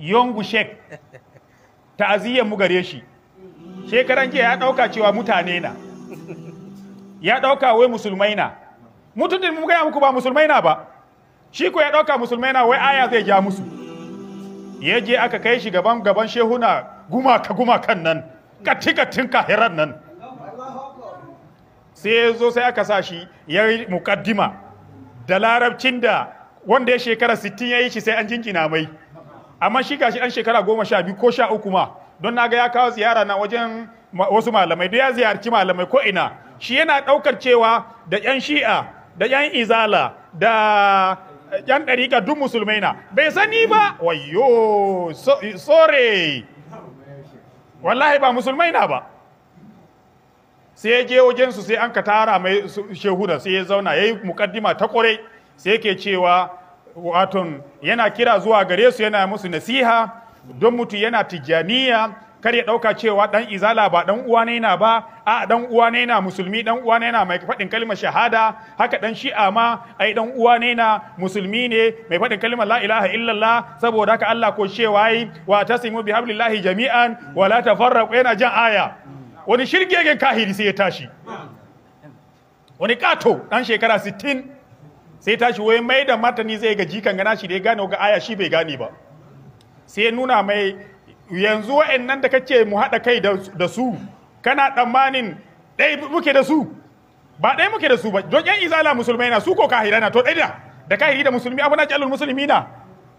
yongu shek ta'aziyyar mu gare shi shekaran jiya ya dauka cewa mutane na ya dauka wai musulmai na mutuntun mu gaya muku ba musulmai na ba shi ko ya dauka musulmai na wai aya zai ja musu ya je aka kai shi gaban gaban shehuna gumaka gumakan nan katikatin kahiran nan sai ya zo sai aka sa shi ya yi mukaddima da larabcin da wanda ya shekara 60 ya yi shi sai an jinjina mai amma shi gashi dan shekara goma sha biyu ko sha uku ma don naga ya kawo ziyara na wajen wasu malamai da ya ziyarci malamai ko ina shi yana ɗaukar cewa da yan shi'a da yan izala da yan dariƙa duk musulmai na bai sani ba wayo sore wallahi ba musulmai na ba sai ya je wajen su sai an ka tara mai shehuda sai ya zauna yayi mukaddima ta kore sai yake cewa waton yana kira zuwa gare su yana musu nasiha don mutu yana tijjaniya kar ya ɗauka cewa ɗan izala ba ɗan uwa ne yana ba a ɗan uwa ne na musulmi ɗan uwa ne na mai faɗin kalmar shahada haka ɗan shi'a ma ai ɗan uwa ne na musulmi ne mai faɗin kalmar la ilaha illallah saboda haka Allah ko cewa yi wa tasimu bi hablillahi jami'an wa la tafarraqu yana jan aya wani shirgegen kahiri sai ya tashi wani kato ɗan shekara sittin. sai tashi wai mai da martani zai ga jikan gana shi da ya gane ga aya shi bai gane ba sai nuna mai yanzu nan da kake mu haɗa kai da su kana tsammanin ɗaya muke da su ba ɗaya muke da su ba don yan izala musulmai na su ko kahira na to ɗaya da kahiri da musulmi abu na ƙyalul musulmi na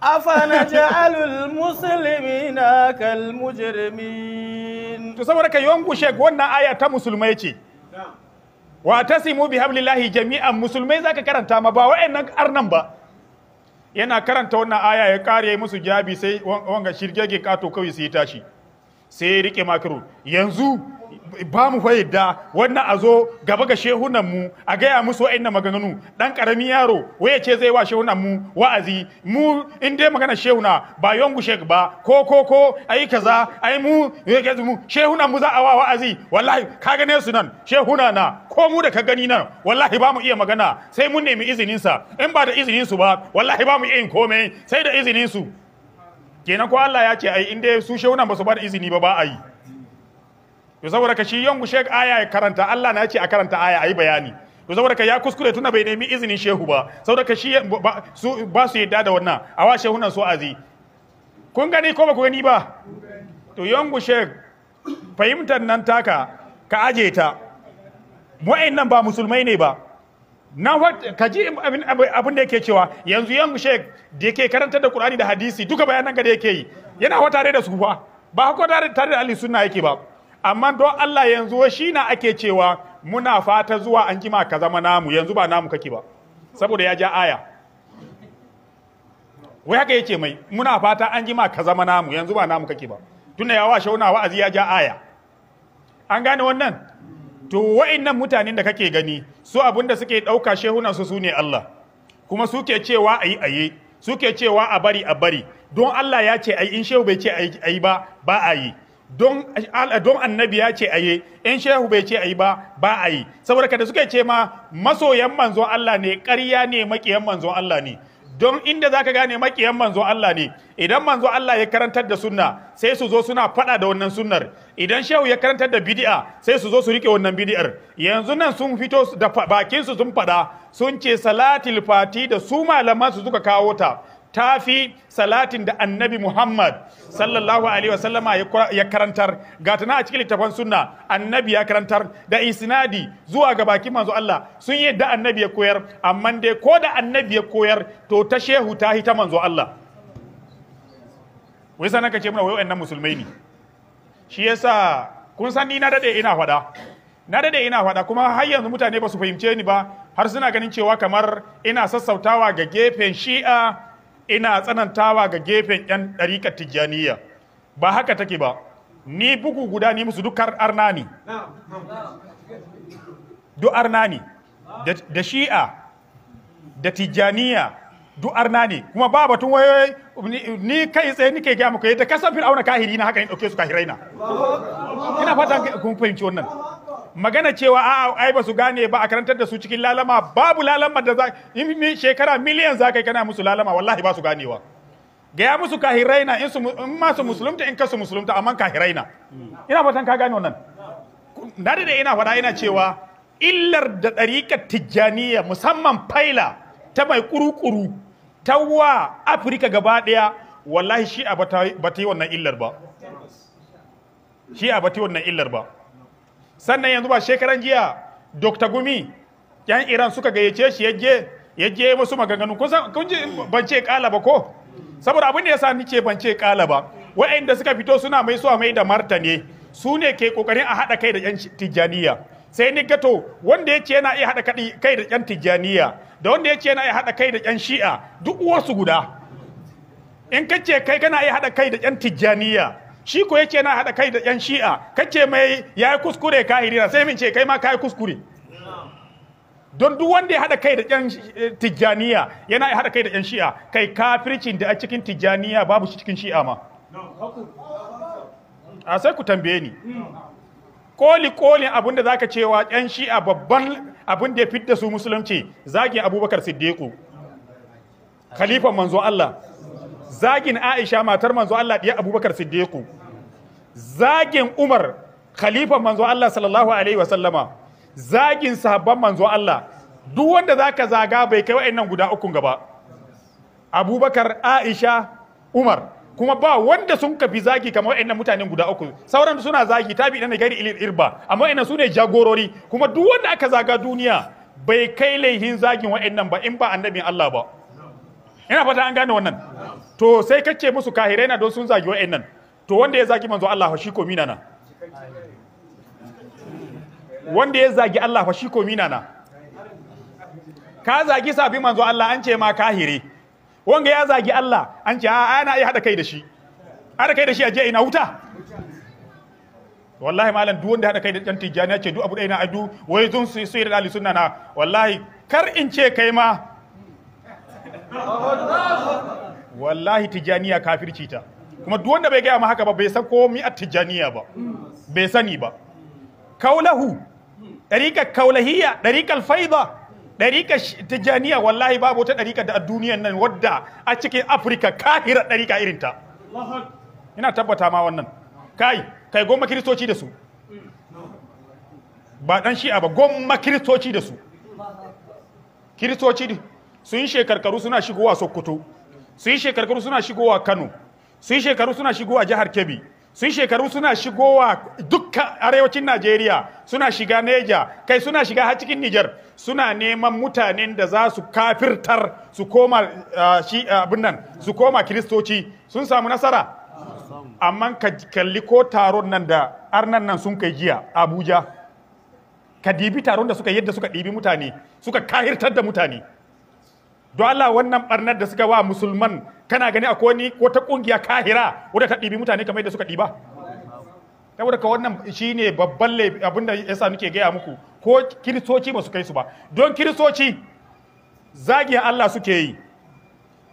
afanaj'alul muslimina kal mujrimin to saboda ka yawan shek wannan aya ta musulmai ce wa mu bi hablillahi jami'an musulmai zaka karanta ma ba wa'annan arnan ba yana karanta wannan aya ya kare musu jabi sai wanga shirgege kato kawai sai tashi sai ya rike makro yanzu ba mu fayyada wannan a zo gaba ga shehunan mu a gaya musu wa'annan maganganu ɗan karami yaro waye ce zai wa shehunan wa'azi mu in dai magana shehuna ba yongu shek ba ko ko ko ai kaza ai mu eh, mu shehunan mu za a wa wa'azi wallahi ka gane su nan shehuna na ko mu da ka gani nan wallahi ba mu iya magana sai mun nemi izinin sa in ba da izinin ba wallahi ba mu iya yin komai sai da izinin su kenan ko Allah ya ce ai in dai su shehunan ba su ba da izini ba ba a yi to saboda ka shi yangu shek aya ya karanta Allah na ce a karanta aya ayi bayani to saboda ka ya kuskure tuna bai nemi izinin shehu ba saboda ka shi ba su yadda da wannan a wa shehunan su azi kun gani ko ba ku gani ba to yangu shek fahimtar nan taka ka aje ta nan ba musulmai ne ba na ka ji abin da yake cewa yanzu yangu shek da yake karantar da Qur'ani da hadisi duka bayanan ga da yake yi yana tare da su fa ba hako tare da alisunna yake ba amma don Allah yanzu shi na ake cewa muna fata zuwa an jima ka zama namu yanzu ba namu kake ba saboda ya ja aya wai haka yake mai muna fata an jima ka zama namu yanzu ba namu kake ba da ya washe wani wa'azi ya ja aya an gane wannan to nan mutanen da kake gani su abinda da suke ɗauka shehunan su sune Allah kuma suke cewa ayi aye suke cewa a bari a bari don Allah ya ce ai in shehu bai ce ayi ba ba a yi don annabi ya ce aye in shehu bai ce ayi ba ba a yi. saboda kada suka ce ma masoyan manzo Allah ne ƙarya ne makiyan manzo Allah ne don inda zaka gane makiyan manzo Allah ne idan manzo Allah ya karantar da sunna sai su zo suna fada da wannan sunnar idan shehu ya karantar da bid'a sai su zo su rike wannan bid'ar yanzu nan sun fito da bakin su sun faɗa, sun ce salatil fati da su malaman su suka kawo ta ta fi salatin da annabi Muhammad sallallahu alaihi wasallama ya karantar ga a cikin littafan sunna annabi ya karantar da isnadi zuwa ga baki manzo Allah sun yi da annabi ya koyar amma dai ko da annabi ya koyar to ta shehu ta hita manzo Allah wai sanan kace muna wai wayannan musulmai ne shi yasa kun san ni na dade ina fada na dade ina fada kuma har yanzu mutane ba su fahimce ni ba har suna ganin cewa kamar ina sassautawa ga gefen shi'a ina tsanantawa ga gefen yan ɗarika tijjaniya ba haka take ba ni bugu guda ni musu duk arna ne duk da shi'a da tijjaniya du arna kuma ba batun wayoyi ni kai tsaye nike gaya muku yadda kasan fir'auna kahiri na haka in dauke su kahirai na ina fatan kun fahimci wannan magana cewa a ai ba su gane ba a karantar da su cikin lalama babu lalama da za in shekara miliyan za kai kana musu lalama wallahi ba su ganewa gaya musu kahirai na in su in ma su musulunta in kasu musulunta amma kahirai na ina fatan ka gane wannan na da ina fada ina cewa illar da dariƙar tijjaniya musamman faila ta mai kurukuru ta wa afirka gaba ɗaya wallahi shi a bata yi wannan illar ba shi a bata yi wannan illar ba sannan yanzu ba shekaran jiya dr gumi yan iran suka gayyace shi yaje yaje musu maganganu kun san ban ce kala ba ko saboda abin da yasa ni ce ban ce kala ba wa'anda suka fito suna mai suwa mai da ne su ne ke kokarin a hada kai da yan tijjaniya sai ni gato wanda ya ce yana iya hada kai da yan tijjaniya da wanda ya ce yana iya hada kai da yan shi'a duk uwarsu guda in kace ce kai kana iya hada kai da yan tijjaniya shi ko yake na haɗa kai da yan shi'a kake mai ya yi kuskure kahirina sai min ce kai ma ka yi kuskure don duk wanda ya haɗa kai da yan eh, tijjaniya yana haɗa kai da yan shi'a kai kafircin da a cikin tijjaniya babu shi cikin shi'a ma a sai ku tambaye ni koli koli abinda ka cewa yan shi'a babban abin da ya fidda su musulunci zagin abubakar siddiqu khalifan manzo Allah zagin Aisha matar manzo Allah ɗiya Abubakar Siddiqu zagin Umar khalifa manzo Allah sallallahu alaihi wa sallama zagin sahabban manzo Allah duk wanda zaka zaga bai kai wa'annan guda ukun gaba Abubakar Aisha Umar kuma ba wanda sun kafi zagi kamar wa'annan mutanen guda uku sauran suna zagi tabi na gari ilil irba amma wa'annan ne jagorori kuma duk wanda aka zaga duniya bai kai laihin zagin wa'annan ba in ba annabin Allah ba ina fata an gane wannan to sai kake musu kahirai na don sun zagi wa'annan to wanda ya zagi manzo Allah fa shi ko mina na wanda ya zagi Allah fa shi ko mina na ka zagi sabi manzo Allah an ce ma kahire wanga ya zagi Allah an ce a ana iya hada kai da shi hada kai da shi a je ina wuta wallahi malam duk wanda hada kai da dan tijani ya ce duk abu dai na adu wai zun su yi da sunna na wallahi kar in ce kai ma wallahi tijaniya kafirci ta kuma duk wanda bai gaya ma haka ba bai san komi a tijaniya ba bai sani ba kaulahu dariƙar kaulahiya dariƙar faida ɗariƙa tijaniya wallahi babu wata ɗariƙa da a duniyan nan wadda a cikin afirka kahira irin irinta ina tabbata ma wannan kai kai goma kiristoci da su ba ɗan shi'a ba goma kiristoci da su kiristoci sun shekarkaru suna shigowa sokoto sun shekarkaru suna shigowa kano sun shekaru suna shigowa jihar kebbi sun shekaru suna shigowa duka arewacin najeriya suna shiga neja kai suna shiga har cikin niger suna neman mutanen da za su kafirtar su koma ah, shi ah, abin su koma kiristoci sun samu nasara amma ka kalli ko taron nan da arnan nan sun kai jiya abuja ka dibi taron da suka yadda suka ɗibi mutane suka kahirtar da mutane don Allah wannan barnar da suka wa musulman kana gani akwai ni ko ta kungiya kahira wadda ta ɗibi mutane kamar yadda suka ɗiba Ta ka wannan shi ne babban laifi ya sa nuke gaya muku ko kiristoci ba su kai su ba don kiristoci zagin Allah suke yi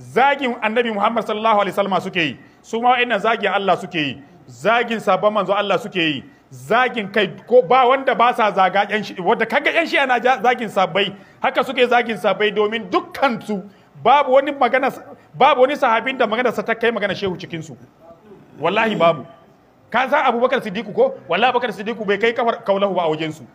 zagin annabi Muhammad sallallahu alaihi wasallam suke yi su ma wa'annan zagin Allah suke yi zagin sabon manzo Allah suke yi zagin kai ko ba wanda ba sa zaga yan shi wanda kaga yan shi ana zagin sabai haka suke zagin sabai domin dukkansu babu wani magana babu wani sahabin da maganarsa ta kai magana shehu cikin su wallahi babu ka san abubakar siddiqu ko wallahi abubakar siddiqu bai kai kafar kaulahu ba a wajen su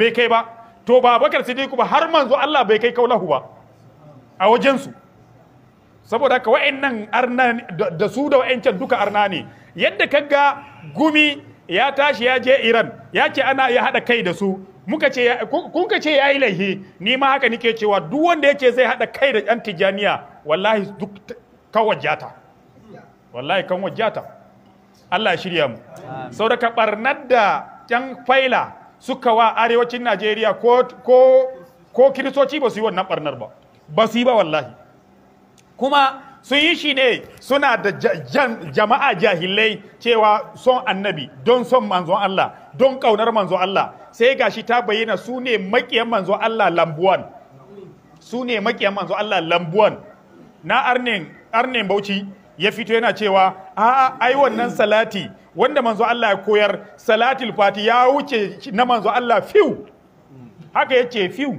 bai kai ba to ba abubakar siddiqu ba har manzo Allah bai kai kaulahu ba a wajen su saboda haka wa'annan arna da su da wa'ancan duka arna ne yadda kaga gumi ya tashi ya je Iran ya ce ana ya hada kai da su muka ce kun ka ce yayi laihi ni ma haka nike cewa duk wanda yake zai hada kai da yan tijaniya wallahi duk kan wajata wallahi kan wajata Allah ya shirya mu sauraka barnar da yan faila suka wa arewacin Najeriya ko ko kiristoci ba su yi wannan barnar ba ba su yi ba wallahi kuma sun yi shi ne suna da jama'a jahilai cewa son annabi don son manzon Allah don kaunar manzon Allah sai gashi ta bayyana su ne makiyan manzon Allah lambuwan su ne makiyan manzon Allah lambuwan na arnin arnin bauchi ya fito yana cewa a'a ai wannan salati wanda manzo Allah ya koyar salatul fati ya wuce na manzo Allah fiu haka yace fiu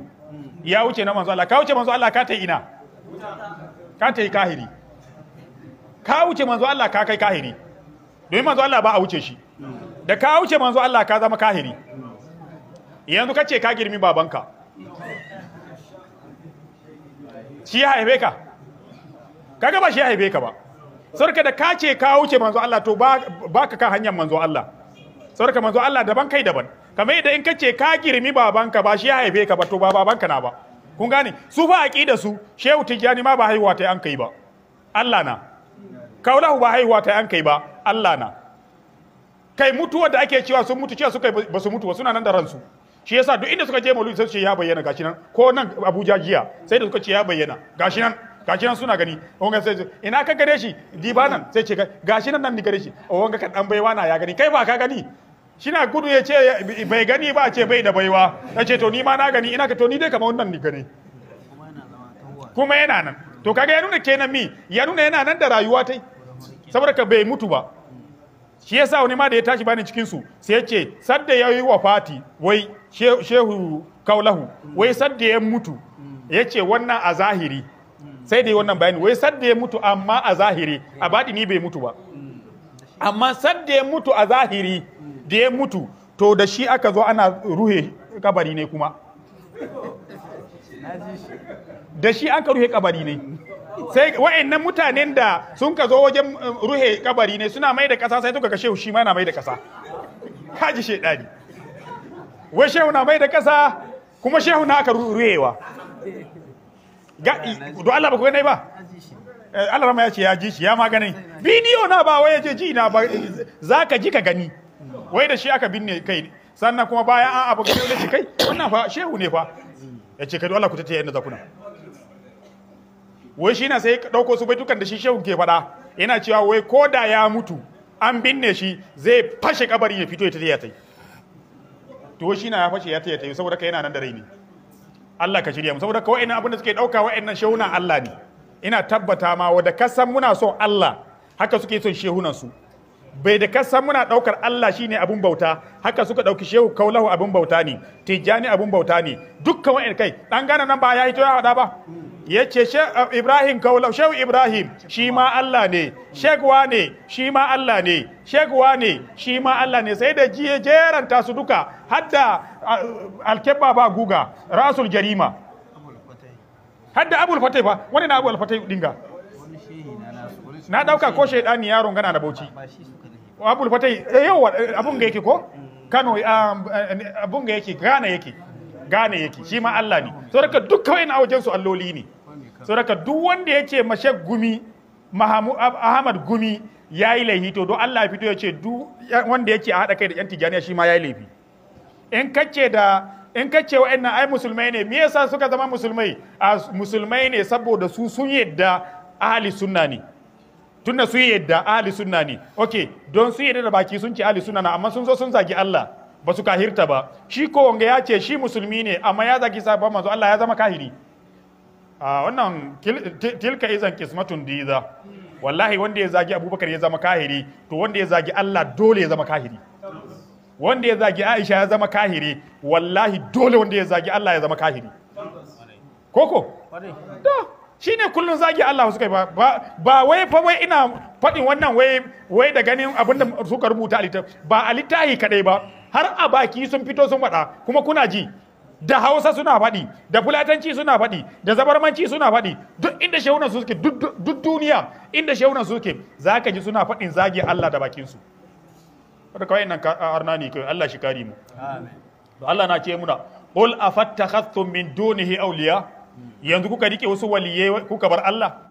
ya wuce na manzo Allah ka wuce manzo Allah ka ta ina ka ta yi kahiri ka wuce manzo Allah ka kai kahiri domin manzo Allah ba a wuce shi da ka wuce manzo Allah ka zama kahiri yanzu kace ka girmi babanka shi ya haife ka kaga ba shi ya haife ka ba sarka da ka ce ka wuce manzo Allah to ba ka kan hanyar manzo Allah sarka manzo Allah daban kai daban kamar yadda in kace ka girmi babanka ba shi ya haife ka ba to ba babanka na ba kun gane su fa aqida su shehu tijani ma ba haihuwa ta an kai ba Allah na kaulahu ba haihuwa ta an kai ba Allah na kai mutuwa da ake cewa sun mutu cewa kai ba su mutu ba suna nan da ransu shi yasa duk inda suka je maulidi sai su ce ya bayyana gashi nan ko nan Abuja jiya sai da suka ce ya bayyana gashi nan gashi nan suna gani wanga sai ina ka gare shi dibanan sai ce gashi nan nan ni gare shi wanga ka dan baiwa na ya gani kai ba ka gani shina gudu ya ce bai gani ba ce bai da baiwa ta ce to ni ma na gani ina ka to ni dai kamar wannan ni gani kuma yana nan to kaga ya nuna kenan mi ya nuna yana nan da rayuwa tai saboda ka bai mutu ba shi yasa wani ma da ya tashi bani cikin su sai ya ce sadda ya yi wafati wai shehu kaulahu wai sadda ya mutu ya ce wannan a zahiri sai da yi wannan bayani wai sadda ya mutu amma a zahiri a baɗi ni bai mutu ba amma sadda ya mutu a zahiri da ya mutu to da shi aka zo ana ruhe kabari ne kuma da shi aka ruhe kabari ne sai wa'annan mutanen da sun ka zo wajen eh, ruhe kabari ne suna mai da kasa sai suka kashe shi ma na mai da kasa kaji shedani wai shehu na mai da kasa kuma shehu na aka ruhewa ga do Allah ba ku gane ba eh, Allah rama ya ce ya ji shi ya ma ganin bidiyo na ba waya ce ji na ba zaka ji ka gani wai da shi aka binne kai sannan kuma baya an abu ga shi kai wannan fa shehu ne fa ya ce kai Allah ku tace yanda zakuna wai shi na sai ɗauko su baitukan da shi shehu ke faɗa yana cewa wai ko da ya mutu an binne shi zai fashe kabari ya fito ya tattaye ta yi to shi na ya fashe ya tattaye ta yi saboda kai yana nan da rai ne Allah ka shirya mu saboda kai ina abin da suke ɗauka wa'annan shehuna Allah ne ina tabbata ma wanda kasan muna son Allah haka suke son shehunan su bai da kasa muna daukar Allah shine abun bauta haka suka dauki shehu kaulahu abun bauta ne tijani abun bauta ne dukkan wa'in kai dan gana nan ba ya hito ya hada ba ya ce uh, Ibrahim kaulahu shehu Ibrahim shi ma Allah ne shegwa ne shi ma Allah ne shegwa ne shi ma Allah ne sai da jiye jeranta su duka hadda uh, alkeba ba guga rasul jarima hadda abul fatai ba wani na abul fatai dinga na dauka ko shaidani yaron gana na bauchi abul fatai eh, yawa eh, abun ga yake ko kano eh, um, abun ga yake gana yake gana yake shi ma Allah ne so daga duk kawai na wajen su alloli ne so daga duk wanda yake mashe gumi mahamu ahmad gumi yayi laifi to don Allah ya fito ya ce duk wanda yake a hada kai da yan tijaniya shi ma yayi laifi in kace da in kace wa'annan ai musulmai ne me yasa suka zama musulmai a musulmai ne saboda su sun yadda ahli sunna ne tunda su yadda ahli sunna ne ok don su yadda da baki sun ce ahli sunna na amma sun zo sun zagi Allah ba su kahirta ba shi ko wanga ya ce shi musulmi ne amma ya zagi sabon manzo Allah ya zama kahiri a wannan tilka izan kismatun diza wallahi wanda ya zagi abubakar ya zama kahiri to wanda ya zagi Allah dole ya zama kahiri wanda ya zagi Aisha ya zama kahiri wallahi dole wanda ya zagi Allah ya zama kahiri koko da ne kullum zagi Allah suka yi ba ba wai fa wai ina faɗin wannan wai wai da ganin abin da suka rubuta a littafi ba a littafi kadai ba har a baki sun fito sun faɗa kuma kuna ji da Hausa suna faɗi da Fulatanci suna faɗi da Zabarmanci suna faɗi duk inda shehunan su suke duk duniya inda shehunan su suke ka ji suna faɗin zagi Allah da bakin su kada kawai nan arna kai Allah shi kare mu Allah na ce muna a. afattakhadhtum min dunihi awliya yanzu kuka rike wasu waliyai kuka bar Allah